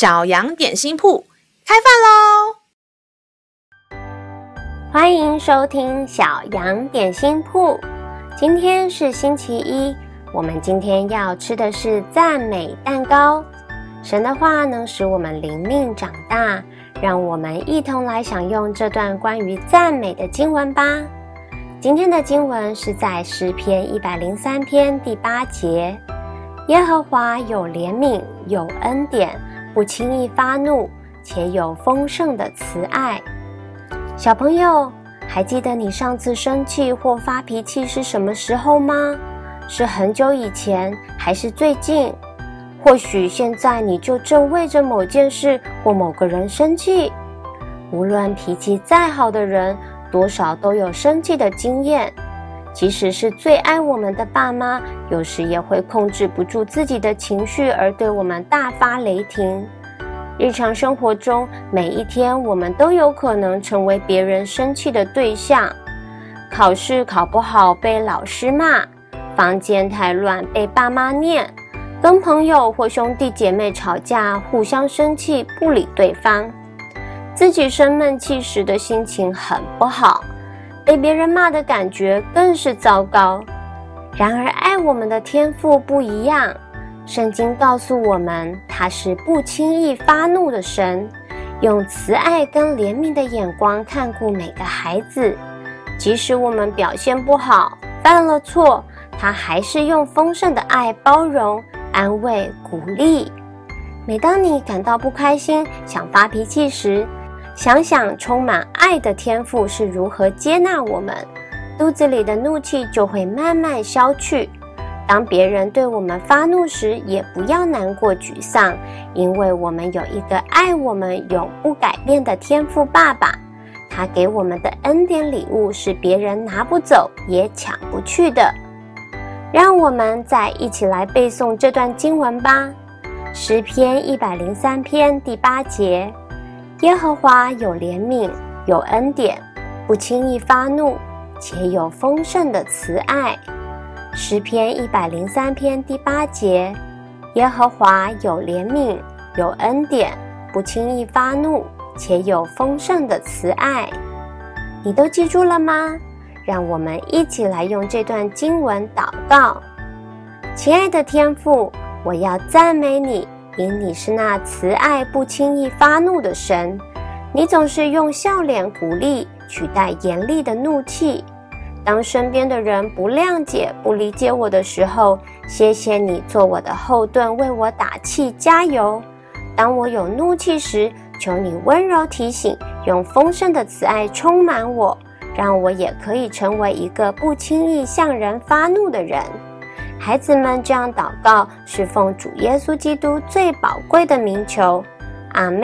小羊點心鋪開飯嘍！歡迎收聽小羊點心鋪。今天是星期一，我們今天要吃的是讚美蛋糕。神的話能使我們靈命長大，讓我們一同來享用這段關於讚美的經文吧。今天的經文是在詩篇一百零三篇第八節：耶和華有憐憫，有恩典。不輕易發怒，且有豐盛的慈愛。小朋友，還記得你上次生氣或發脾氣是什麼時候嗎？是很久以前，還是最近？或許現在你就正為着某件事或某個人生氣。無論脾氣再好的人，多少都有生氣的經驗。即使是最愛我們的爸媽，有時也會控制不住自己的情緒而對我們大發雷霆。日常生活中，每一天我們都有可能成為別人生氣的對象：考試考不好被老師罵，房間太亂被爸媽念，跟朋友或兄弟姐妹吵架，互相生氣不理對方，自己生悶氣時的心情很不好。被別人罵的感覺更是糟糕。然而，愛我們的天父不一樣。聖經告訴我們，他是不輕易發怒的神，用慈愛跟憐憫的眼光看顧每個孩子。即使我們表現不好，犯了錯，他還是用豐盛的愛包容、安慰、鼓勵。每當你感到不開心，想發脾氣時，想想充滿愛的天父是如何接納我們，肚子裡的怒氣就會慢慢消去。當別人對我們發怒時，也不要難過、沮喪，因為我們有一個愛我們、永不改變的天父爸爸。他給我們的恩典禮物是別人拿不走、也搶不去的。讓我們再一起來背誦這段經文吧，《詩篇一百零三篇》第八節。耶和華有憐憫，有恩典，不輕易發怒，且有豐盛的慈愛。詩篇一百零三篇第八節：耶和華有憐憫，有恩典，不輕易發怒，且有豐盛的慈愛。你都記住了嗎？讓我們一起來用這段經文禱告。親愛的天父，我要讚美你。因你是那慈愛不輕易發怒的神，你總是用笑臉鼓勵取代嚴厲的怒氣。當身邊的人不諒解、不理解我的時候，謝謝你做我的後盾，為我打氣加油。當我有怒氣時，求你溫柔提醒，用豐盛的慈愛充滿我，讓我也可以成為一個不輕易向人發怒的人。孩子們這樣禱告，是奉主耶穌基督最寶貴的名求。阿門。